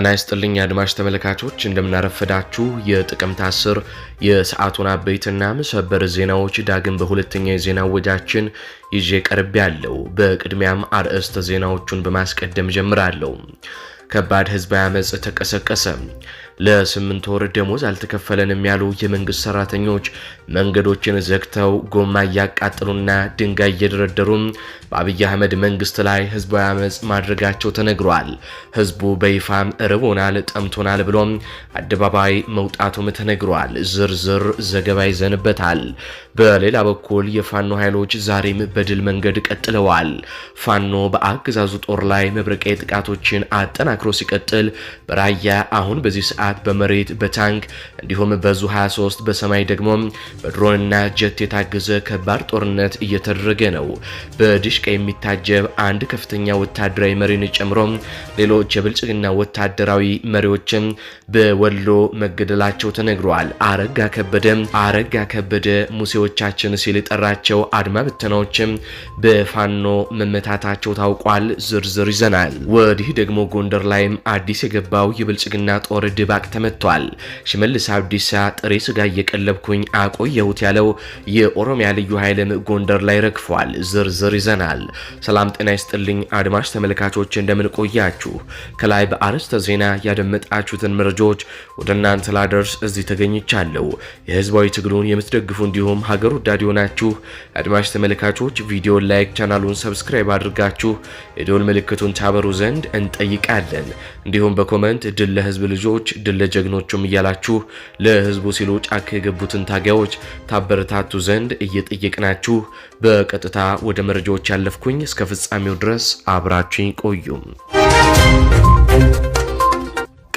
ጤና ይስጥልኝ አድማጭ ተመልካቾች፣ እንደምናረፈዳችሁ የጥቅምት 10 የሰዓቱን አበይትና ሰበር ዜናዎች ዳግም በሁለተኛ የዜና ወጃችን ይዤ ቀርብ ያለው። በቅድሚያም አርዕስተ ዜናዎቹን በማስቀደም ጀምራለሁ። ከባድ ህዝባዊ አመፅ ተቀሰቀሰ። ለስምንት ወር ደሞዝ አልተከፈለንም ያሉ የመንግስት ሰራተኞች መንገዶችን ዘግተው ጎማ እያቃጠሉና ድንጋይ እየደረደሩም በአብይ አህመድ መንግስት ላይ ህዝባዊ አመፅ ማድረጋቸው ተነግሯል። ህዝቡ በይፋም እርቦናል፣ ጠምቶናል ብሎም አደባባይ መውጣቱም ተነግሯል። ዝርዝር ዘገባ ይዘንበታል። በሌላ በኩል የፋኖ ኃይሎች ዛሬም በድል መንገድ ቀጥለዋል። ፋኖ በአገዛዙ ጦር ላይ መብረቃዊ ጥቃቶችን አጠናክሮ ሲቀጥል በራያ አሁን በዚህ ሰዓት በሰዓት በመሬት በታንክ እንዲሁም በዙ 23 በሰማይ ደግሞ በድሮንና ጀት የታገዘ ከባድ ጦርነት እየተደረገ ነው። በድሽቃ የሚታጀብ አንድ ከፍተኛ ወታደራዊ መሪን ጨምሮ ሌሎች የብልጽግና ወታደራዊ መሪዎችም በወሎ መገደላቸው ተነግረዋል። አረጋ ከበደ አረጋ ከበደ ሙሴዎቻችን ሲል የጠራቸው አድማ ብተናዎችም በፋኖ መመታታቸው ታውቋል። ዝርዝር ይዘናል። ወዲህ ደግሞ ጎንደር ላይም አዲስ የገባው የብልጽግና ጦር ድባቅ በላቅ ተመቷል። ሽመልስ አብዲሳ ጥሬ ስጋ እየቀለብኩኝ አቆየሁት ያለው የኦሮሚያ ልዩ ኃይልም ጎንደር ላይ ረግፏል። ዝርዝር ይዘናል። ሰላም ጤና ይስጥልኝ አድማጭ ተመልካቾች እንደምን ቆያችሁ? ከላይ በአርዕስተ ዜና ያደመጣችሁትን መረጃዎች ወደ እናንተ ላደርስ እዚህ ተገኝቻለሁ። የህዝባዊ ትግሉን የምትደግፉ እንዲሁም ሀገር ወዳድ የሆናችሁ አድማጭ ተመልካቾች ቪዲዮ ላይክ፣ ቻናሉን ሰብስክራይብ አድርጋችሁ የዶል ምልክቱን ታበሩ ዘንድ እንጠይቃለን። እንዲሁም በኮመንት ድል ለህዝብ ልጆች ድል ለጀግኖቹም እያላችሁ ለህዝቡ ሲሉ ጫካ የገቡትን ታጋዮች ታበረታቱ ዘንድ እየጠየቅናችሁ በቀጥታ ወደ መረጃዎች ያለፍኩኝ እስከ ፍጻሜው ድረስ አብራችኝ ቆዩም።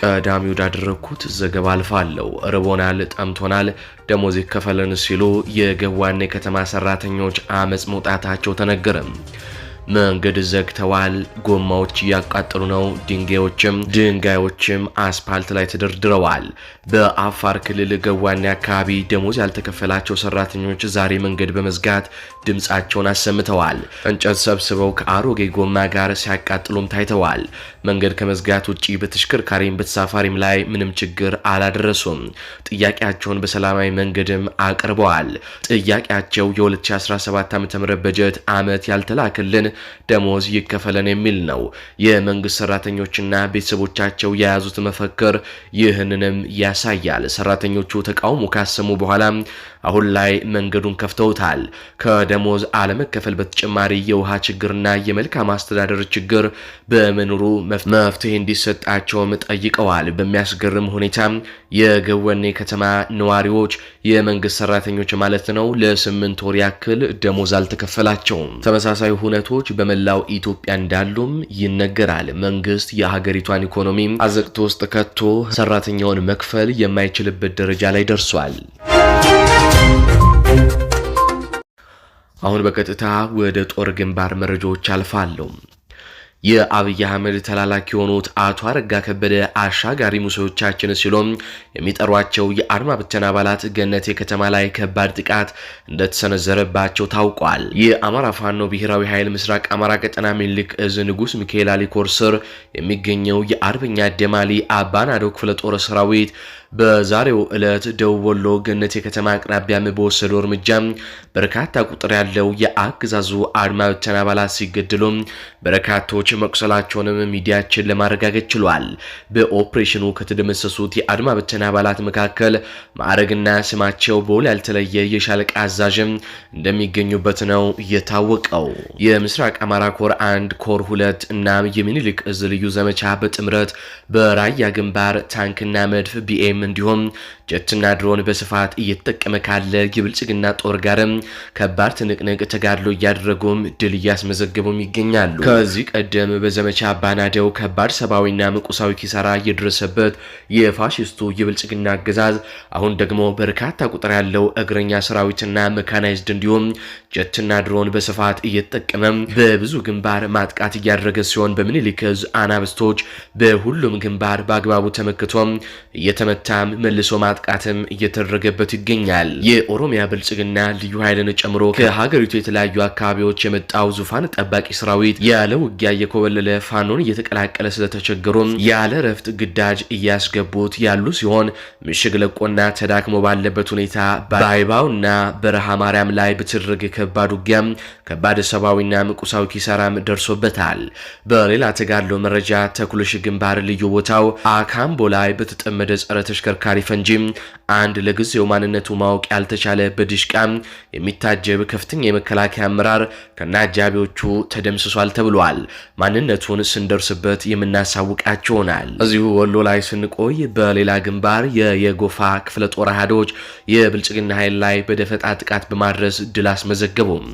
ቀዳሚ ወዳደረግኩት ዘገባ አልፋለሁ። ርቦናል፣ ጠምቶናል፣ ደሞዝ ይከፈለን ሲሉ የገዋኔ ከተማ ሰራተኞች አመፅ መውጣታቸው ተነገረም። መንገድ ዘግተዋል። ጎማዎች እያቃጠሉ ነው። ድንጋዮችም ድንጋዮችም አስፓልት ላይ ተደርድረዋል። በአፋር ክልል ገዋኔ አካባቢ ደሞዝ ያልተከፈላቸው ሰራተኞች ዛሬ መንገድ በመዝጋት ድምፃቸውን አሰምተዋል። እንጨት ሰብስበው ከአሮጌ ጎማ ጋር ሲያቃጥሉም ታይተዋል። መንገድ ከመዝጋት ውጭ በተሽከርካሪም በተሳፋሪም ላይ ምንም ችግር አላደረሱም። ጥያቄያቸውን በሰላማዊ መንገድም አቅርበዋል። ጥያቄያቸው የ2017 ዓ ም በጀት ዓመት ያልተላክልን ደሞዝ ይከፈለን የሚል ነው። የመንግስት ሰራተኞችና ቤተሰቦቻቸው የያዙት መፈክር ይህንንም ያሳያል። ሰራተኞቹ ተቃውሞ ካሰሙ በኋላ አሁን ላይ መንገዱን ከፍተውታል። ከደሞዝ አለመከፈል በተጨማሪ የውሃ ችግርና የመልካም አስተዳደር ችግር በመኖሩ መፍትሄ እንዲሰጣቸውም ጠይቀዋል። በሚያስገርም ሁኔታ የገወኔ ከተማ ነዋሪዎች የመንግስት ሰራተኞች ማለት ነው ለስምንት ወር ያክል ደሞዝ አልተከፈላቸውም። ተመሳሳይ ሁነቶች በመላው ኢትዮጵያ እንዳሉም ይነገራል። መንግስት የሀገሪቷን ኢኮኖሚ አዘቅት ውስጥ ከቶ ሰራተኛውን መክፈል የማይችልበት ደረጃ ላይ ደርሷል። አሁን በቀጥታ ወደ ጦር ግንባር መረጃዎች አልፋለሁ። የአብይ አህመድ ተላላኪ የሆኑት አቶ አረጋ ከበደ አሻጋሪ ሙሴዎቻችን ሲሎም የሚጠሯቸው የአድማ ብተን አባላት ገነቴ ከተማ ላይ ከባድ ጥቃት እንደተሰነዘረባቸው ታውቋል። የአማራ ፋኖ ብሔራዊ ኃይል ምስራቅ አማራ ቀጠና ሚኒልክ እዝ ንጉስ ሚካኤል አሊኮርስር ስር የሚገኘው የአርበኛ ደማሊ አባናዶ ክፍለ ጦር ሰራዊት በዛሬው ዕለት ደቡብ ወሎ ገነት የከተማ አቅራቢያም በወሰደው እርምጃ በርካታ ቁጥር ያለው የአገዛዙ አድማ ብተና አባላት ሲገደሉ በርካቶች መቁሰላቸውንም ሚዲያችን ለማረጋገጥ ችሏል። በኦፕሬሽኑ ከተደመሰሱት የአድማ ብተና አባላት መካከል ማዕረግና ስማቸው በውል ያልተለየ የሻለቃ አዛዥም እንደሚገኙበት ነው የታወቀው። የምስራቅ አማራ ኮር አንድ ኮር ሁለት እናም የሚኒሊክ እዝ ልዩ ዘመቻ በጥምረት በራያ ግንባር ታንክና መድፍ ቢኤም እንዲሁም ጀትና ድሮን በስፋት እየተጠቀመ ካለ የብልጽግና ጦር ጋርም ከባድ ትንቅንቅ ተጋድሎ እያደረጉም ድል እያስመዘገቡም ይገኛሉ። ከዚህ ቀደም በዘመቻ አባናደው ከባድ ሰብአዊና ምቁሳዊ ኪሳራ እየደረሰበት የፋሽስቱ የብልጽግና አገዛዝ አሁን ደግሞ በርካታ ቁጥር ያለው እግረኛ ሰራዊትና መካናይዝድ እንዲሁም ጀትና ድሮን በስፋት እየተጠቀመ በብዙ ግንባር ማጥቃት እያደረገ ሲሆን በምኒልክ እዝ አናብስቶች በሁሉም ግንባር በአግባቡ ተመክቶም እየተመታ ዳሰሳም መልሶ ማጥቃትም እየተደረገበት ይገኛል። የኦሮሚያ ብልጽግና ልዩ ኃይልን ጨምሮ ከሀገሪቱ የተለያዩ አካባቢዎች የመጣው ዙፋን ጠባቂ ሰራዊት ያለ ውጊያ እየኮበለለ ፋኖን እየተቀላቀለ ስለተቸገሩም ያለ እረፍት ግዳጅ እያስገቡት ያሉ ሲሆን ምሽግ ለቆና ተዳክሞ ባለበት ሁኔታ በአይባውና በረሃ ማርያም ላይ በተደረገ ከባድ ውጊያም ከባድ ሰብአዊና ምቁሳዊ ኪሳራም ደርሶበታል። በሌላ ተጋድሎ መረጃ ተኩሎሽ ግንባር ልዩ ቦታው አካምቦ ላይ በተጠመደ ጸረ ተሽከርካሪ ፈንጂ አንድ ለጊዜው ማንነቱ ማወቅ ያልተቻለ በድሽቃ የሚታጀብ ከፍተኛ የመከላከያ አመራር ከነአጃቢዎቹ ተደምስሷል ተብሏል። ማንነቱን ስንደርስበት የምናሳውቃቸው እዚሁ ወሎ ላይ ስንቆይ በሌላ ግንባር የየጎፋ ክፍለ ጦር አሃዶች የብልጽግና ኃይል ላይ በደፈጣ ጥቃት በማድረስ ድል አስመዘገቡም።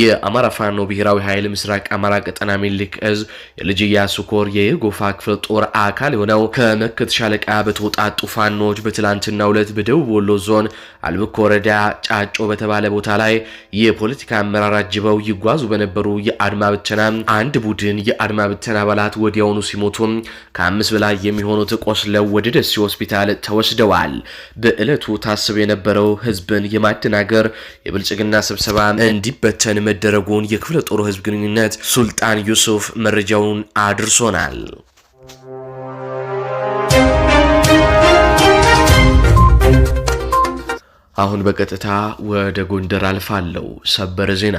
የአማራ ፋኖ ብሔራዊ ኃይል ምስራቅ አማራ ቀጠና ሚኒልክ እዝ የልጅ ኢያሱ ኮር የጎፋ ክፍለ ጦር አካል የሆነው ከመከት ሻለቃ በተውጣጡ ፋኖች በትላንትና ሁለት በደቡብ ወሎ ዞን አልብኮ ወረዳ ጫጮ በተባለ ቦታ ላይ የፖለቲካ አመራር አጅበው ይጓዙ በነበሩ የአድማ ብተና አንድ ቡድን የአድማ ብተና አባላት ወዲያውኑ ሲሞቱም ከአምስት በላይ የሚሆኑት ቆስለው ወደ ደሴ ሆስፒታል ተወስደዋል። በዕለቱ ታስብ የነበረው ህዝብን የማደናገር የብልጽግና ስብሰባ እንዲበተን መደረጉን የክፍለ ጦሩ ህዝብ ግንኙነት ሱልጣን ዩሱፍ መረጃውን አድርሶናል። አሁን በቀጥታ ወደ ጎንደር አልፋለሁ። ሰበር ዜና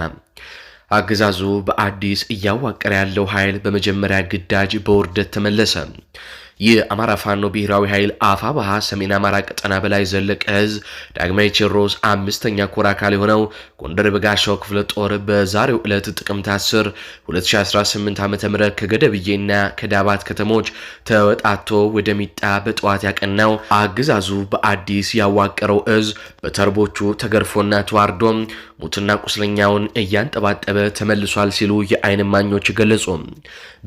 አገዛዙ በአዲስ እያዋቀረ ያለው ኃይል በመጀመሪያ ግዳጅ በውርደት ተመለሰ። የአማራ ፋኖ ብሔራዊ ኃይል አፋ ባሃ ሰሜን አማራ ቀጠና በላይ ዘለቀ እዝ ዳግማዊ ቴዎድሮስ አምስተኛ ኮር አካል የሆነው ጎንደር በጋሻው ክፍለ ጦር በዛሬው ዕለት ጥቅምት 10 2018 ዓ ም ከገደብዬና ከዳባት ከተሞች ተወጣቶ ወደ ሚጣ በጠዋት ያቀናው አገዛዙ በአዲስ ያዋቀረው እዝ በተርቦቹ ተገርፎና ተዋርዶም ሙትና ቁስለኛውን እያንጠባጠበ ተመልሷል ሲሉ የአይን ማኞች ገለጹ።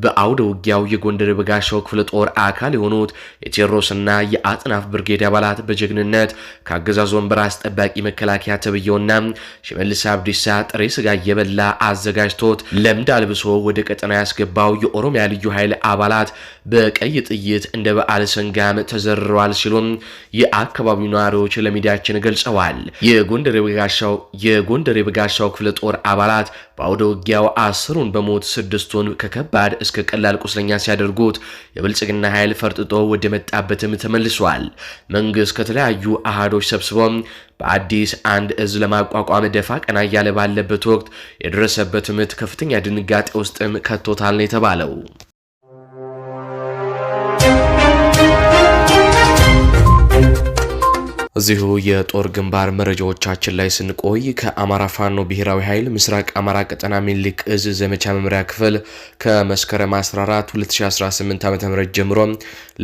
በአውደ ውጊያው የጎንደር በጋሻው ክፍለ ጦር አካል አካል የሆኑት የቴዎድሮስና የአጥናፍ ብርጌድ አባላት በጀግንነት ከአገዛዝ ወንበር አስጠባቂ መከላከያ ተብዬውና ሽመልስ አብዲሳ ጥሬ ስጋ እየበላ አዘጋጅቶት ለምድ አልብሶ ወደ ቀጠና ያስገባው የኦሮሚያ ልዩ ኃይል አባላት በቀይ ጥይት እንደ በዓል ሰንጋም ተዘርረዋል ሲሉም የአካባቢው ነዋሪዎች ለሚዲያችን ገልጸዋል። የጎንደር የበጋሻው ክፍለ ጦር አባላት በአውደ ውጊያው አስሩን በሞት ስድስቱን ከከባድ እስከ ቀላል ቁስለኛ ሲያደርጉት የብልጽግና ኃይል ፈርጥጦ ወደ መጣበትም ተመልሷል። መንግስት ከተለያዩ አሃዶች ሰብስቦም በአዲስ አንድ እዝ ለማቋቋም ደፋ ቀና እያለ ባለበት ወቅት የደረሰበት ምት ከፍተኛ ድንጋጤ ውስጥም ከቶታል ነው የተባለው። እዚሁ የጦር ግንባር መረጃዎቻችን ላይ ስንቆይ ከአማራ ፋኖ ብሔራዊ ኃይል ምስራቅ አማራ ቀጠና ሚኒሊክ እዝ ዘመቻ መምሪያ ክፍል ከመስከረም 14 2018 ዓ ም ጀምሮ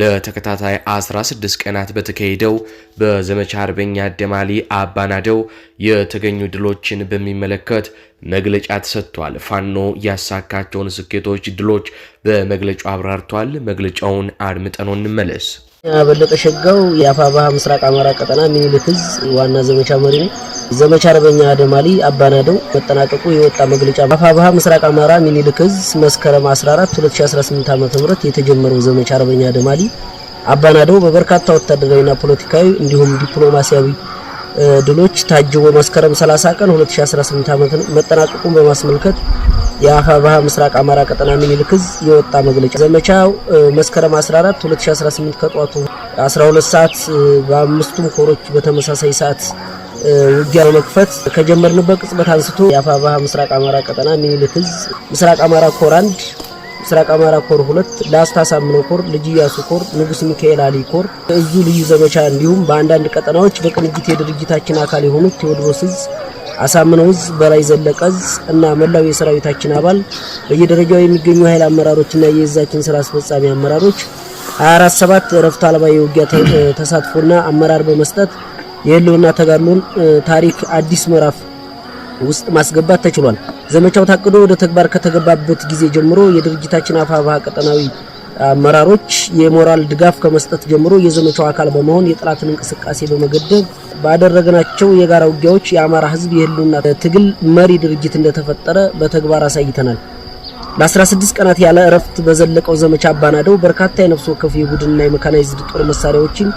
ለተከታታይ 16 ቀናት በተካሄደው በዘመቻ አርበኛ ደማሊ አባናደው የተገኙ ድሎችን በሚመለከት መግለጫ ተሰጥቷል። ፋኖ ያሳካቸውን ስኬቶች፣ ድሎች በመግለጫው አብራርቷል። መግለጫውን አድምጠኖ እንመለስ። በለጠ ሸጋው የአፋባ ምስራቅ አማራ ቀጠና ሚኒልክ ዕዝ ዋና ዘመቻ መሪ ነው። ዘመቻ አርበኛ አደማሊ አባናደው መጠናቀቁ የወጣ መግለጫ አፋባ ምስራቅ አማራ ሚኒልክ ዕዝ መስከረም 14 2018 ዓ.ም የተጀመረው ዘመቻ አርበኛ አደማሊ አባናደው በበርካታ ወታደራዊና ፖለቲካዊ እንዲሁም ዲፕሎማሲያዊ ድሎች ታጅቦ መስከረም 30 ቀን 2018 ዓ.ም መጠናቀቁን በማስመልከት የአፋብኃ ምስራቅ አማራ ቀጠና ምኒልክ የወጣ መግለጫ። ዘመቻው መስከረም 14 2018 ከጧቱ 12 ሰዓት በአምስቱም ኮሮች በተመሳሳይ ሰዓት ውጊያ በመክፈት ከጀመርንበት ቅጽበት አንስቶ የአፋብኃ ምስራቅ አማራ ቀጠና ምኒልክ ምስራቅ አማራ ኮር አንድ ምስራቅ አማራ ኮር ሁለት ላስታ ሳምነው ኮር፣ ልጅ ኢያሱ ኮር፣ ንጉስ ሚካኤል አሊ ኮር እዙ ልዩ ዘመቻ እንዲሁም በአንዳንድ ቀጠናዎች በቅንጅት የድርጅታችን አካል የሆኑት ቴዎድሮስ እዝ፣ አሳምነው እዝ፣ በላይ ዘለቀ እዝ እና መላው የሰራዊታችን አባል በየደረጃው የሚገኙ ኃይል አመራሮችና የእዛችን ስራ አስፈጻሚ አመራሮች 247 እረፍት አልባ የውጊያ ተሳትፎና አመራር በመስጠት የህልውና ተጋድሎን ታሪክ አዲስ ምዕራፍ ውስጥ ማስገባት ተችሏል። ዘመቻው ታቅዶ ወደ ተግባር ከተገባበት ጊዜ ጀምሮ የድርጅታችን አፋባ ቀጠናዊ አመራሮች የሞራል ድጋፍ ከመስጠት ጀምሮ የዘመቻው አካል በመሆን የጠላትን እንቅስቃሴ በመገደብ ባደረግናቸው የጋራ ውጊያዎች የአማራ ሕዝብ የህልውና ትግል መሪ ድርጅት እንደተፈጠረ በተግባር አሳይተናል። ለ16 ቀናት ያለ እረፍት በዘለቀው ዘመቻ አባናደው በርካታ የነፍስ ወከፍ የቡድንና የሜካናይዝድ ጦር መሳሪያዎችን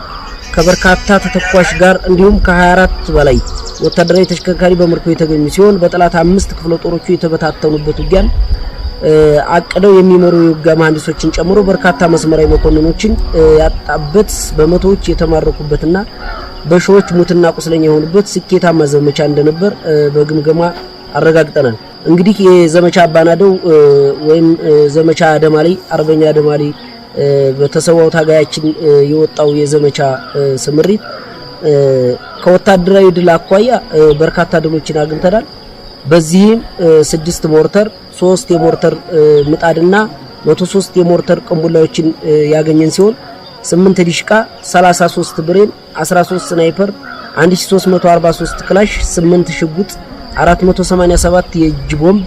ከበርካታ ተተኳሽ ጋር እንዲሁም ከ24 በላይ ወታደራዊ ተሽከርካሪ በምርኮ የተገኙ ሲሆን በጠላት አምስት ክፍለ ጦሮቹ የተበታተኑበት ውጊያን አቅደው የሚመሩ የውጊያ መሀንዲሶችን ጨምሮ በርካታ መስመራዊ መኮንኖችን ያጣበት በመቶዎች የተማረኩበትና በሺዎች ሙትና ቁስለኛ የሆኑበት ስኬታማ ዘመቻ እንደነበር በግምገማ አረጋግጠናል። እንግዲህ የዘመቻ አባናደው ወይም ዘመቻ አደማሊ አርበኛ አደማሊ በተሰዋው ታጋያችን የወጣው የዘመቻ ስምሪት ከወታደራዊ ድል አኳያ በርካታ ድሎችን አግኝተናል። በዚህም ስድስት ሞርተር፣ ሶስት የሞርተር ምጣድና መቶ የሞርተር ቅንቡላዎችን ያገኘን ሲሆን ስምንት ዲሽቃ፣ 33 ብሬን፣ 13 ስናይፐር፣ 1343 ክላሽ፣ 8 ሽጉጥ፣ 487 የእጅ ቦምብ፣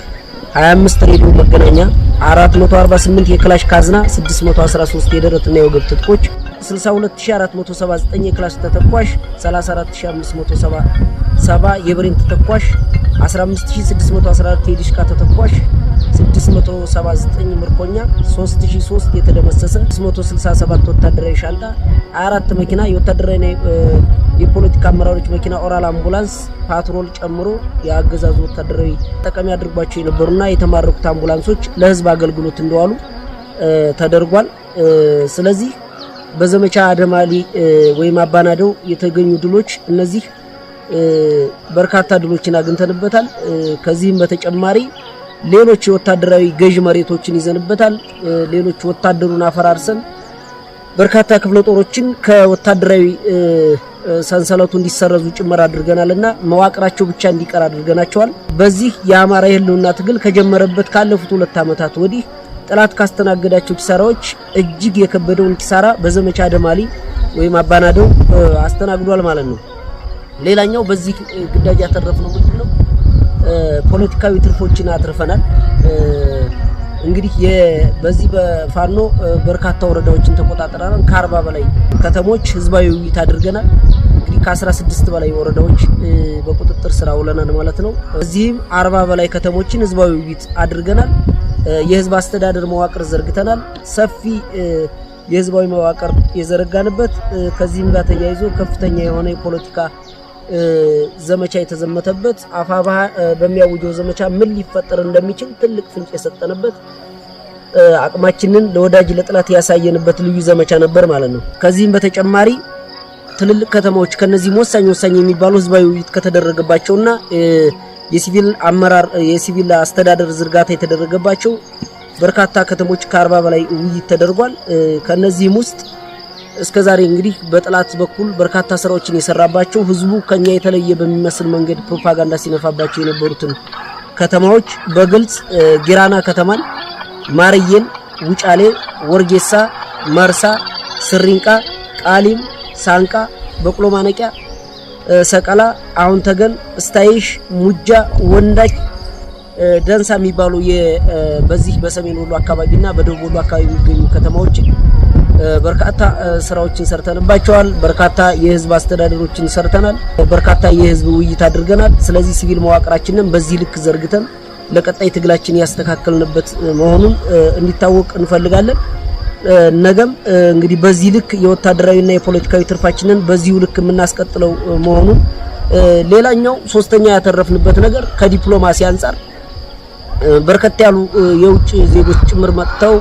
25 ሬዲዮ መገናኛ፣ 448 የክላሽ ካዝና፣ 613 የደረትና የወገብ ትጥቆች 62479 የክላሽ ተተኳሽ 34570 የብሬን ተተኳሽ 15614 የዲሽካ ተተኳሽ 679 ምርኮኛ 3003 የተደመሰሰ 667 ወታደራዊ ሻንጣ 24 መኪና የወታደራዊ የፖለቲካ አመራሮች መኪና ኦራል አምቡላንስ ፓትሮል ጨምሮ የአገዛዙ ወታደራዊ ጠቀሚ አድርጓቸው የነበሩና የተማረኩት አምቡላንሶች ለህዝብ አገልግሎት እንደዋሉ ተደርጓል። ስለዚህ በዘመቻ አደማሊ ወይም አባናደው የተገኙ ድሎች እነዚህ በርካታ ድሎችን አግኝተንበታል። ከዚህም በተጨማሪ ሌሎች ወታደራዊ ገዥ መሬቶችን ይዘንበታል። ሌሎች ወታደሩን አፈራርሰን በርካታ ክፍለ ጦሮችን ከወታደራዊ ሰንሰለቱ እንዲሰረዙ ጭምር አድርገናልና መዋቅራቸው ብቻ እንዲቀር አድርገናቸዋል። በዚህ የአማራ የህልውና ትግል ከጀመረበት ካለፉት ሁለት ዓመታት ወዲህ ጠላት ካስተናገዳቸው ኪሳራዎች እጅግ የከበደውን ኪሳራ በዘመቻ ደማሊ ወይም አባናደው አስተናግዷል ማለት ነው። ሌላኛው በዚህ ግዳጅ ያተረፍነው ምንድነው? ፖለቲካዊ ትርፎችን አትርፈናል። እንግዲህ በዚህ በፋኖ በርካታ ወረዳዎችን ተቆጣጠረናል። ከአርባ በላይ ከተሞች ህዝባዊ ውይይት አድርገናል። እንግዲህ ከ16 በላይ ወረዳዎች በቁጥጥር ስራ ውለናል ማለት ነው። እዚህም አርባ በላይ ከተሞችን ህዝባዊ ውይይት አድርገናል። የህዝብ አስተዳደር መዋቅር ዘርግተናል። ሰፊ የህዝባዊ መዋቅር የዘረጋንበት ከዚህም ጋር ተያይዞ ከፍተኛ የሆነ የፖለቲካ ዘመቻ የተዘመተበት አፋባ በሚያውጀው ዘመቻ ምን ሊፈጠር እንደሚችል ትልቅ ፍንጭ የሰጠንበት አቅማችንን ለወዳጅ ለጥላት ያሳየንበት ልዩ ዘመቻ ነበር ማለት ነው። ከዚህም በተጨማሪ ትልልቅ ከተማዎች ከነዚህም ወሳኝ ወሳኝ የሚባሉ ህዝባዊ ውይይት ከተደረገባቸውና የሲቪል አመራር የሲቪል አስተዳደር ዝርጋታ የተደረገባቸው በርካታ ከተሞች ከአርባ በላይ ውይይት ተደርጓል። ከነዚህም ውስጥ እስከዛሬ እንግዲህ በጠላት በኩል በርካታ ስራዎችን የሰራባቸው ህዝቡ ከኛ የተለየ በሚመስል መንገድ ፕሮፓጋንዳ ሲነፋባቸው የነበሩትን ከተማዎች በግልጽ ጊራና ከተማን፣ ማርየን፣ ውጫሌ፣ ወርጌሳ፣ መርሳ፣ ስሪንቃ፣ ቃሊም፣ ሳንቃ፣ በቅሎ ማነቂያ ሰቀላ፣ አሁን ተገን፣ ስታይሽ፣ ሙጃ፣ ወንዳች፣ ደንሳ የሚባሉ በዚህ በሰሜን ወሎ አካባቢና በደቡብ ወሎ አካባቢ የሚገኙ ከተማዎች በርካታ ስራዎችን ሰርተንባቸዋል። በርካታ የህዝብ አስተዳደሮችን ሰርተናል። በርካታ የህዝብ ውይይት አድርገናል። ስለዚህ ሲቪል መዋቅራችንን በዚህ ልክ ዘርግተን ለቀጣይ ትግላችን ያስተካከልንበት መሆኑን እንዲታወቅ እንፈልጋለን። ነገም እንግዲህ በዚህ ልክ የወታደራዊና የፖለቲካዊ ትርፋችንን በዚሁ ልክ የምናስቀጥለው መሆኑን ሌላኛው ሶስተኛ ያተረፍንበት ነገር ከዲፕሎማሲ አንጻር በርከት ያሉ የውጭ ዜጎች ጭምር መጥተው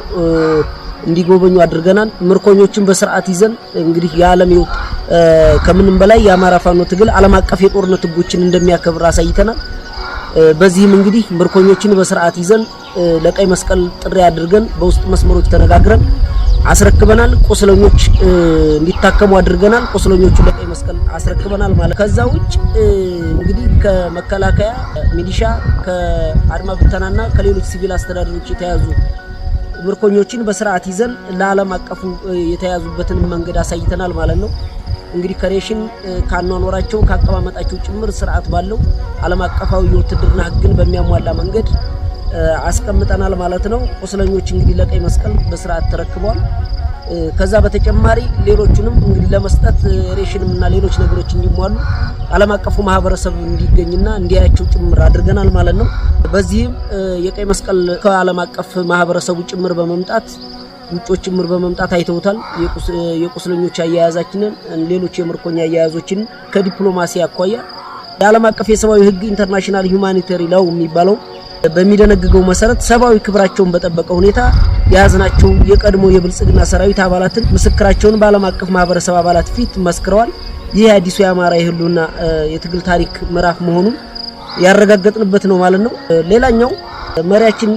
እንዲጎበኙ አድርገናል። ምርኮኞችን በስርዓት ይዘን እንግዲህ የዓለም ከምንም በላይ የአማራ ፋኖ ትግል ዓለም አቀፍ የጦርነት ህጎችን እንደሚያከብር አሳይተናል። በዚህም እንግዲህ ምርኮኞችን በስርዓት ይዘን ለቀይ መስቀል ጥሪ አድርገን በውስጥ መስመሮች ተነጋግረን አስረክበናል። ቁስለኞች እንዲታከሙ አድርገናል። ቁስለኞቹ ለቀይ መስቀል አስረክበናል ማለት ከዛ ውጭ እንግዲህ ከመከላከያ ሚሊሻ፣ ከአድማ ብተናና ከሌሎች ሲቪል አስተዳደሮች የተያዙ ምርኮኞችን በስርዓት ይዘን ለዓለም አቀፉ የተያዙበትን መንገድ አሳይተናል ማለት ነው። እንግዲህ ከሬሽን ካኗኗራቸው ካቀማመጣቸው ጭምር ስርዓት ባለው ዓለም አቀፋዊ የውትድርና ሕግን በሚያሟላ መንገድ አስቀምጠናል ማለት ነው። ቁስለኞች እንግዲህ ለቀይ መስቀል በስርዓት ተረክቧል። ከዛ በተጨማሪ ሌሎቹንም እንግዲህ ለመስጠት ሬሽንም እና ሌሎች ነገሮች እንዲሟሉ ዓለም አቀፉ ማህበረሰብ እንዲገኝና እንዲያያቸው ጭምር አድርገናል ማለት ነው። በዚህም የቀይ መስቀል ከዓለም አቀፍ ማህበረሰቡ ጭምር በመምጣት ውጮች ጭምር በመምጣት አይተውታል። የቁስለኞች አያያዛችንን፣ ሌሎች የምርኮኛ አያያዞችን ከዲፕሎማሲ አኳያ የዓለም አቀፍ የሰብአዊ ህግ ኢንተርናሽናል ሁማኒታሪ ላው የሚባለው በሚደነግገው መሰረት ሰብአዊ ክብራቸውን በጠበቀ ሁኔታ የያዝናቸው የቀድሞ የብልጽግና ሰራዊት አባላትን ምስክራቸውን በዓለም አቀፍ ማህበረሰብ አባላት ፊት መስክረዋል። ይህ የአዲሱ የአማራ የህልውና የትግል ታሪክ ምዕራፍ መሆኑን ያረጋገጥንበት ነው ማለት ነው። ሌላኛው መሪያችን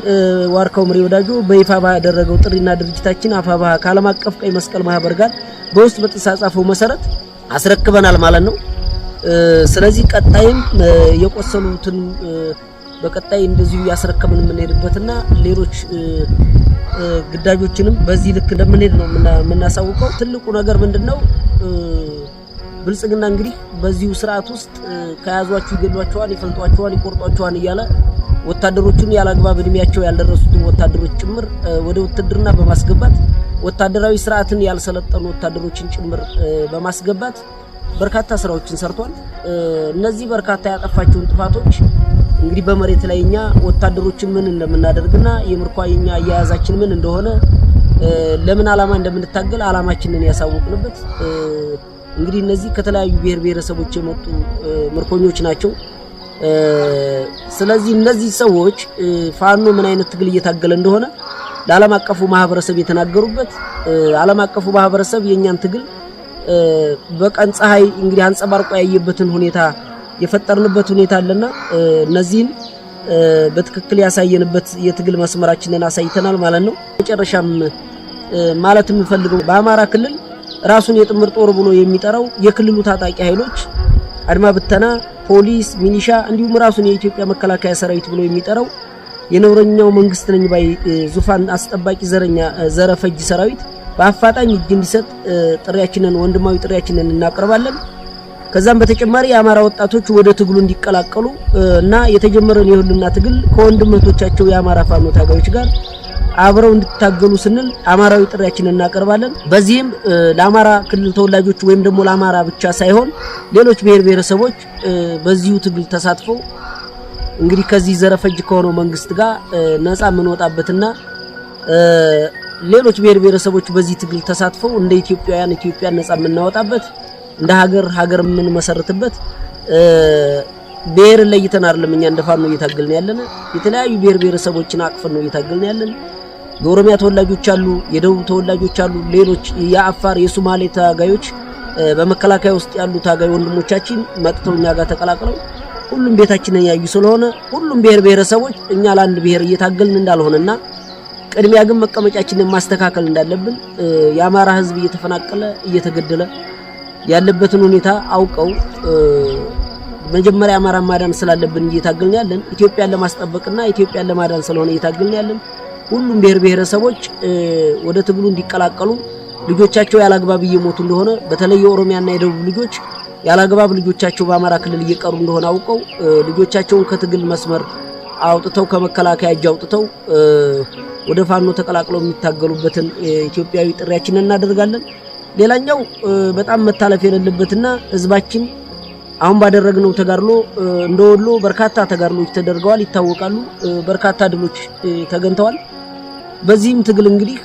ዋርካው ምሪ ወዳጆ በይፋ ባደረገው ጥሪና ድርጅታችን አፋባሃ ከዓለም አቀፍ ቀይ መስቀል ማህበር ጋር በውስጥ በተጻጻፈው መሰረት አስረክበናል ማለት ነው። ስለዚህ ቀጣይም የቆሰሉትን በቀጣይ እንደዚሁ እያስረከብን የምንሄድበትና ሌሎች ግዳጆችንም በዚህ ልክ እንደምንሄድ ነው የምናሳውቀው። ትልቁ ነገር ምንድን ነው? ብልጽግና እንግዲህ በዚሁ ስርዓት ውስጥ ከያዟቸው ይገሏቸዋል፣ ይፈልጧቸዋል፣ ይቆርጧቸዋል እያለ ወታደሮቹን ያላግባብ እድሜያቸው ያልደረሱትን ወታደሮች ጭምር ወደ ውትድርና በማስገባት ወታደራዊ ስርዓትን ያልሰለጠኑ ወታደሮችን ጭምር በማስገባት በርካታ ስራዎችን ሰርቷል። እነዚህ በርካታ ያጠፋቸውን ጥፋቶች እንግዲህ በመሬት ላይ እኛ ወታደሮችን ምን እንደምናደርግና የምርኮኛ አያያዛችን ምን እንደሆነ ለምን አላማ እንደምንታገል አላማችንን ያሳወቅንበት እንግዲህ እነዚህ ከተለያዩ ብሔር ብሔረሰቦች የመጡ ምርኮኞች ናቸው። ስለዚህ እነዚህ ሰዎች ፋኖ ምን አይነት ትግል እየታገለ እንደሆነ ለዓለም አቀፉ ማህበረሰብ የተናገሩበት ዓለም አቀፉ ማህበረሰብ የእኛን ትግል በቀን ፀሐይ እንግዲህ አንጸባርቆ ያየበትን ሁኔታ የፈጠርንበት ሁኔታ አለና እነዚህን በትክክል ያሳየንበት የትግል መስመራችንን አሳይተናል ማለት ነው። መጨረሻም ማለት የምፈልገው በአማራ ክልል ራሱን የጥምር ጦር ብሎ የሚጠራው የክልሉ ታጣቂ ኃይሎች አድማ ብተና፣ ፖሊስ፣ ሚኒሻ እንዲሁም ራሱን የኢትዮጵያ መከላከያ ሰራዊት ብሎ የሚጠራው የነውረኛው መንግስት ነኝ ባይ ዙፋን አስጠባቂ ዘረኛ ዘረፈጅ ሰራዊት በአፋጣኝ እጅ እንዲሰጥ ጥሪያችንን ወንድማዊ ጥሪያችንን እናቀርባለን። ከዛም በተጨማሪ የአማራ ወጣቶች ወደ ትግሉ እንዲቀላቀሉ እና የተጀመረን የህልውና ትግል ከወንድም እህቶቻቸው የአማራ ፋኖ ታጋዮች ጋር አብረው እንዲታገሉ ስንል አማራዊ ጥሪያችንን እናቀርባለን። በዚህም ለአማራ ክልል ተወላጆች ወይም ደግሞ ለአማራ ብቻ ሳይሆን ሌሎች ብሔር ብሔረሰቦች በዚሁ ትግል ተሳትፈው እንግዲህ ከዚህ ዘረፈጅ ከሆነው መንግስት ጋር ነፃ የምንወጣበትና ሌሎች ብሔር ብሔረሰቦች በዚህ ትግል ተሳትፈው እንደ ኢትዮጵያውያን ኢትዮጵያን ነጻ የምናወጣበት እንደ ሀገር ሀገር የምንመሰርትበት ብሔር ለይተን አይደለም። እኛ እንደ ፋኖ እየታገልን ያለን የተለያዩ ብሔር ብሔረሰቦችን አቅፈን ነው እየታገልን ያለን። የኦሮሚያ ተወላጆች አሉ፣ የደቡብ ተወላጆች አሉ፣ ሌሎች የአፋር የሶማሌ ታጋዮች በመከላከያ ውስጥ ያሉ ታጋይ ወንድሞቻችን መጥተው እኛ ጋር ተቀላቅለው ሁሉም ቤታችንን ያዩ ስለሆነ ሁሉም ብሔር ብሔረሰቦች እኛ ለአንድ ብሔር እየታገልን እንዳልሆነና ቅድሚያ ግን መቀመጫችንን ማስተካከል እንዳለብን የአማራ ህዝብ እየተፈናቀለ እየተገደለ ያለበትን ሁኔታ አውቀው መጀመሪያ አማራ ማዳን ስላለብን እየታገልን ያለን ኢትዮጵያን ለማስጠበቅና ኢትዮጵያን ለማዳን ስለሆነ እየታገልን ያለን ሁሉም ብሔር ብሔረሰቦች ወደ ትግሉ እንዲቀላቀሉ ልጆቻቸው ያላግባብ እየሞቱ እንደሆነ በተለይ የኦሮሚያና የደቡብ ልጆች ያላግባብ ልጆቻቸው በአማራ ክልል እየቀሩ እንደሆነ አውቀው ልጆቻቸውን ከትግል መስመር አውጥተው ከመከላከያ እጅ አውጥተው ወደ ፋኖ ተቀላቅለው የሚታገሉበትን ኢትዮጵያዊ ጥሪያችንን እናደርጋለን። ሌላኛው በጣም መታለፍ የሌለበትና ህዝባችን አሁን ባደረግነው ተጋድሎ እንደ ወሎ በርካታ ተጋድሎች ተደርገዋል፣ ይታወቃሉ። በርካታ ድሎች ተገንተዋል። በዚህም ትግል እንግዲህ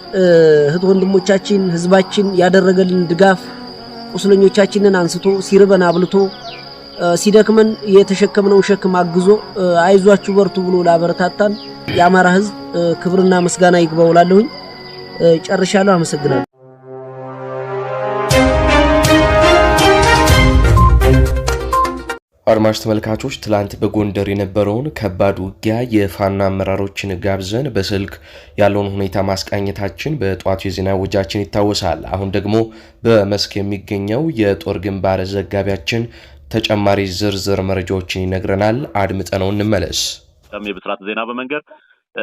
እህት ወንድሞቻችን፣ ህዝባችን ያደረገልን ድጋፍ ቁስለኞቻችንን አንስቶ ሲርበን አብልቶ ሲደክመን የተሸከምነውን ሸክም አግዞ አይዟችሁ በርቱ ብሎ ላበረታታን የአማራ ሕዝብ ክብርና ምስጋና ይግባው እላለሁኝ። ጨርሻለሁ። አመሰግናለሁ። አድማጭ ተመልካቾች ትላንት በጎንደር የነበረውን ከባድ ውጊያ የፋና አመራሮችን ጋብዘን በስልክ ያለውን ሁኔታ ማስቃኘታችን በጠዋቱ የዜና ወጃችን ይታወሳል። አሁን ደግሞ በመስክ የሚገኘው የጦር ግንባር ዘጋቢያችን ተጨማሪ ዝርዝር መረጃዎችን ይነግረናል። አድምጠነው እንመለስ። የብስራት ዜና በመንገድ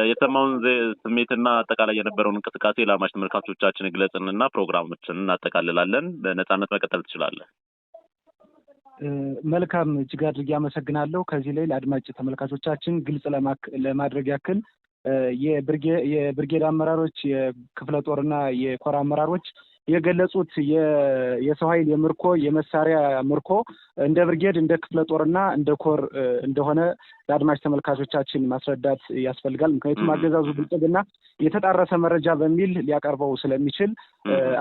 የተሰማውን ስሜትና አጠቃላይ የነበረውን እንቅስቃሴ ለአድማጭ ተመልካቾቻችን ግለጽንና ፕሮግራሞችን እናጠቃልላለን። በነፃነት መቀጠል ትችላለህ። መልካም እጅግ አድርጌ አመሰግናለሁ። ከዚህ ላይ ለአድማጭ ተመልካቾቻችን ግልጽ ለማድረግ ያክል የብርጌድ አመራሮች፣ የክፍለ ጦርና የኮር አመራሮች የገለጹት የሰው ኃይል የምርኮ የመሳሪያ ምርኮ እንደ ብርጌድ፣ እንደ ክፍለ ጦርና እንደ ኮር እንደሆነ ለአድማጭ ተመልካቾቻችን ማስረዳት ያስፈልጋል። ምክንያቱም አገዛዙ ብልጽግና የተጣረሰ መረጃ በሚል ሊያቀርበው ስለሚችል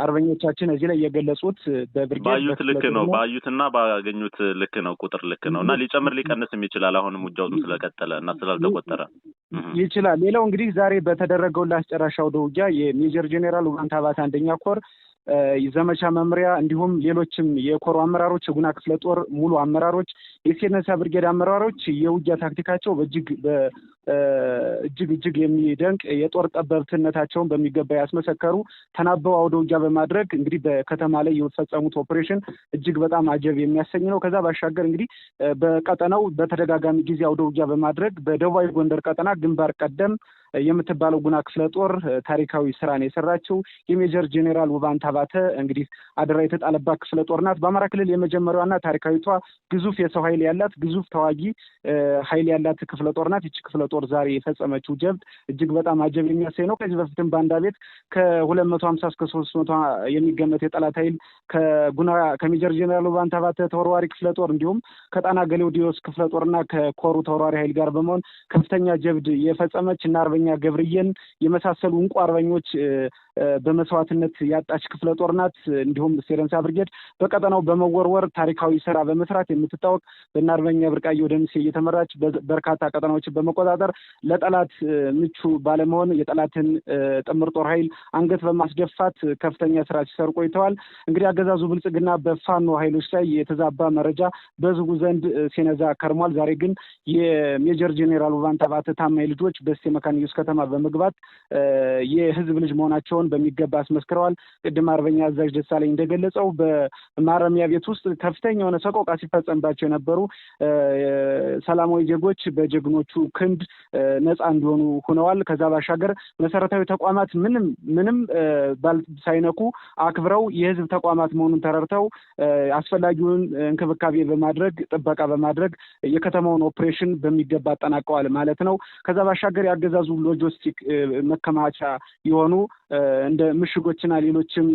አርበኞቻችን እዚህ ላይ የገለጹት በብርጌድ ባዩት ልክ ነው። ባዩትና ባገኙት ልክ ነው። ቁጥር ልክ ነው እና ሊጨምር ሊቀንስም ይችላል። አሁንም ውጊያው ስለቀጠለ እና ስላልተቆጠረ ይችላል። ሌላው እንግዲህ ዛሬ በተደረገው ለአስጨራሽ አውደ ውጊያ የሜጀር ጄኔራል ውባንታ አባት አንደኛ ኮር ዘመቻ መምሪያ እንዲሁም ሌሎችም የኮሮ አመራሮች፣ የጉና ክፍለ ጦር ሙሉ አመራሮች፣ የሴነሳ ብርጌድ አመራሮች የውጊያ ታክቲካቸው በእጅግ እጅግ እጅግ የሚደንቅ የጦር ጠበብትነታቸውን በሚገባ ያስመሰከሩ ተናበው አውደ ውጊያ በማድረግ እንግዲህ በከተማ ላይ የተፈጸሙት ኦፕሬሽን እጅግ በጣም አጀብ የሚያሰኝ ነው። ከዛ ባሻገር እንግዲህ በቀጠናው በተደጋጋሚ ጊዜ አውደ ውጊያ በማድረግ በደቡባዊ ጎንደር ቀጠና ግንባር ቀደም የምትባለው ጉና ክፍለ ጦር ታሪካዊ ስራን የሰራችው የሜጀር ጄኔራል ውባንት አባተ እንግዲህ አደራ የተጣለባት ክፍለ ጦር ናት። በአማራ ክልል የመጀመሪያዋና ታሪካዊቷ ግዙፍ የሰው ኃይል ያላት ግዙፍ ተዋጊ ኃይል ያላት ክፍለ ጦር ናት። ይቺ ክፍለ ጦር ጦር ዛሬ የፈጸመችው ጀብድ እጅግ በጣም አጀብ የሚያሳይ ነው። ከዚህ በፊትም በአንዳ ቤት ከሁለት መቶ ሀምሳ እስከ ሶስት መቶ የሚገመት የጠላት ኃይል ከጉና ከሜጀር ጀኔራሉ ባንታባተ ተወርዋሪ ክፍለ ጦር እንዲሁም ከጣና ገሌውዲዮስ ክፍለ ጦርና ከኮሩ ተወርዋሪ ኃይል ጋር በመሆን ከፍተኛ ጀብድ የፈጸመች እና አርበኛ ገብርዬን የመሳሰሉ እንቁ አርበኞች በመስዋዕትነት ያጣች ክፍለ ጦር ናት። እንዲሁም ሴረንሳ ብርጌድ በቀጠናው በመወርወር ታሪካዊ ስራ በመስራት የምትታወቅ በእነ ብርቃዬ ብርቃየ ደምሴ እየተመራች በርካታ ቀጠናዎችን በመቆጣጠር በስተቀር ለጠላት ምቹ ባለመሆን የጠላትን ጥምር ጦር ኃይል አንገት በማስደፋት ከፍተኛ ስራ ሲሰሩ ቆይተዋል። እንግዲህ አገዛዙ ብልጽግና በፋኖ ኃይሎች ላይ የተዛባ መረጃ በህዝቡ ዘንድ ሲነዛ ከርሟል። ዛሬ ግን የሜጀር ጄኔራል ውባንተ ባተ ታማኝ ልጆች በስቴ መካነ ከተማ በመግባት የህዝብ ልጅ መሆናቸውን በሚገባ አስመስክረዋል። ቅድም አርበኛ አዛዥ ደሳለኝ እንደገለጸው በማረሚያ ቤት ውስጥ ከፍተኛ የሆነ ሰቆቃ ሲፈጸምባቸው የነበሩ ሰላማዊ ዜጎች በጀግኖቹ ክንድ ነፃ እንዲሆኑ ሆነዋል። ከዛ ባሻገር መሰረታዊ ተቋማት ምንም ምንም ሳይነኩ አክብረው የህዝብ ተቋማት መሆኑን ተረድተው አስፈላጊውን እንክብካቤ በማድረግ ጥበቃ በማድረግ የከተማውን ኦፕሬሽን በሚገባ አጠናቀዋል ማለት ነው። ከዛ ባሻገር የአገዛዙ ሎጂስቲክ መከማቻ የሆኑ እንደ ምሽጎችና ሌሎችም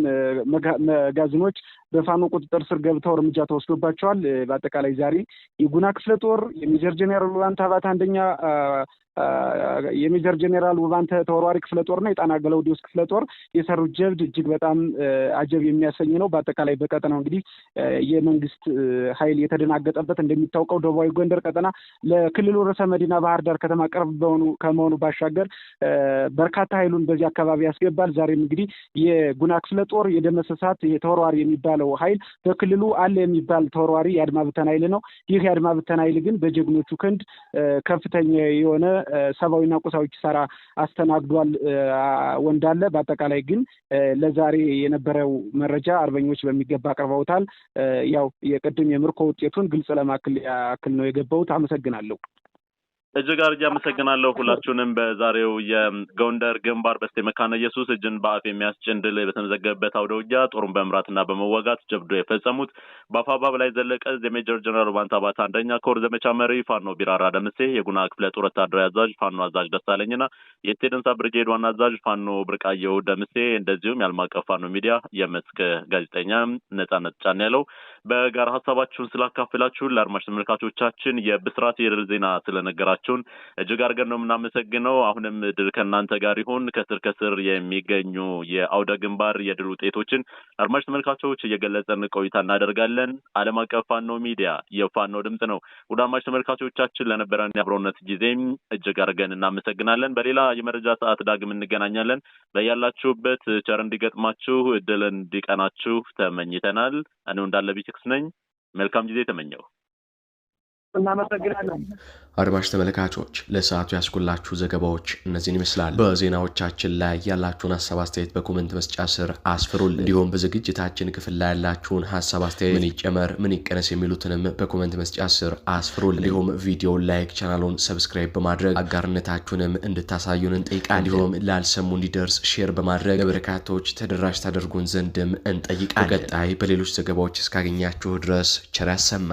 መጋዘኖች በፋኖ ቁጥጥር ስር ገብተው እርምጃ ተወስዶባቸዋል። በአጠቃላይ ዛሬ የጉና ክፍለ ጦር የሚዘር ጀኔራል ላንታ አባት አንደኛ የሜጀር ጄኔራል ውባንተ ተወርዋሪ ክፍለ ጦርና የጣና ገላውዲዮስ ክፍለ ጦር የሰሩት ጀብድ እጅግ በጣም አጀብ የሚያሰኝ ነው። በአጠቃላይ በቀጠናው እንግዲህ የመንግስት ኃይል የተደናገጠበት እንደሚታወቀው ደቡባዊ ጎንደር ቀጠና ለክልሉ ርዕሰ መዲና ባህር ዳር ከተማ ቅርብ በሆኑ ከመሆኑ ባሻገር በርካታ ኃይሉን በዚህ አካባቢ ያስገባል። ዛሬም እንግዲህ የጉና ክፍለ ጦር የደመሰሳት ተወርዋሪ የሚባለው ኃይል በክልሉ አለ የሚባል ተወርዋሪ የአድማ ብተን ኃይል ነው። ይህ የአድማ ብተን ኃይል ግን በጀግኖቹ ክንድ ከፍተኛ የሆነ ሰብአዊና ቁሳዊ ኪሳራ አስተናግዷል ወንዳለ። በአጠቃላይ ግን ለዛሬ የነበረው መረጃ አርበኞች በሚገባ አቅርበውታል። ያው የቅድም የምርኮ ውጤቱን ግልጽ ለማክል ያክል ነው የገባሁት። አመሰግናለሁ። እጅግ አርጌ አመሰግናለሁ ሁላችሁንም። በዛሬው የጎንደር ግንባር በስቴ መካነ ኢየሱስ እጅን በአፍ የሚያስጭን ድል በተመዘገበበት አውደ ውጊያ ጦሩን በመምራትና በመዋጋት ጀብዶ የፈጸሙት በአፋባ በላይ ዘለቀ የሜጀር ጀነራል ባንታባት አንደኛ ኮር ዘመቻ መሪ ፋኖ ቢራራ ደምሴ፣ የጉና ክፍለ ጦር ወታደራዊ አዛዥ ፋኖ አዛዥ ደሳለኝና የቴደንሳ ብርጌድ ዋና አዛዥ ፋኖ ብርቃየው ደምሴ እንደዚሁም የዓለም አቀፍ ፋኖ ሚዲያ የመስክ ጋዜጠኛ ነጻነት ጫን ያለው በጋራ ሀሳባችሁን ስላካፍላችሁ ለአድማጭ ተመልካቾቻችን የብስራት የድል ዜና ስለነገራችሁ መሆናቸውን እጅግ አድርገን ነው የምናመሰግነው። አሁንም ድል ከእናንተ ጋር ይሁን። ከስር ከስር የሚገኙ የአውደ ግንባር የድል ውጤቶችን አድማጭ ተመልካቾች እየገለጸን ቆይታ እናደርጋለን። ዓለም አቀፍ ፋኖ ሚዲያ የፋኖ ድምፅ ነው። ወደ አድማጭ ተመልካቾቻችን ለነበረን የአብሮነት ጊዜም እጅግ አድርገን እናመሰግናለን። በሌላ የመረጃ ሰዓት ዳግም እንገናኛለን። በያላችሁበት ቸር እንዲገጥማችሁ እድል እንዲቀናችሁ ተመኝተናል። እኔው እንዳለ ቢችክስ ነኝ። መልካም ጊዜ ተመኘው። እናመሰግናለን። አድማጭ ተመልካቾች ለሰዓቱ ያስኩላችሁ ዘገባዎች እነዚህን ይመስላል። በዜናዎቻችን ላይ ያላችሁን ሀሳብ አስተያየት በኮመንት መስጫ ስር አስፍሩልን። እንዲሁም በዝግጅታችን ክፍል ላይ ያላችሁን ሀሳብ አስተያየት፣ ምን ይጨመር ምን ይቀነስ የሚሉትንም በኮመንት መስጫ ስር አስፍሩልን። እንዲሁም ቪዲዮን ላይክ፣ ቻናሉን ሰብስክራይብ በማድረግ አጋርነታችሁንም እንድታሳዩን እንጠይቃለን። እንዲሁም ላልሰሙ እንዲደርስ ሼር በማድረግ ለበርካቶች ተደራሽ ታደርጉን ዘንድም እንጠይቃለን። በቀጣይ በሌሎች ዘገባዎች እስካገኛችሁ ድረስ ቸር ያሰማል።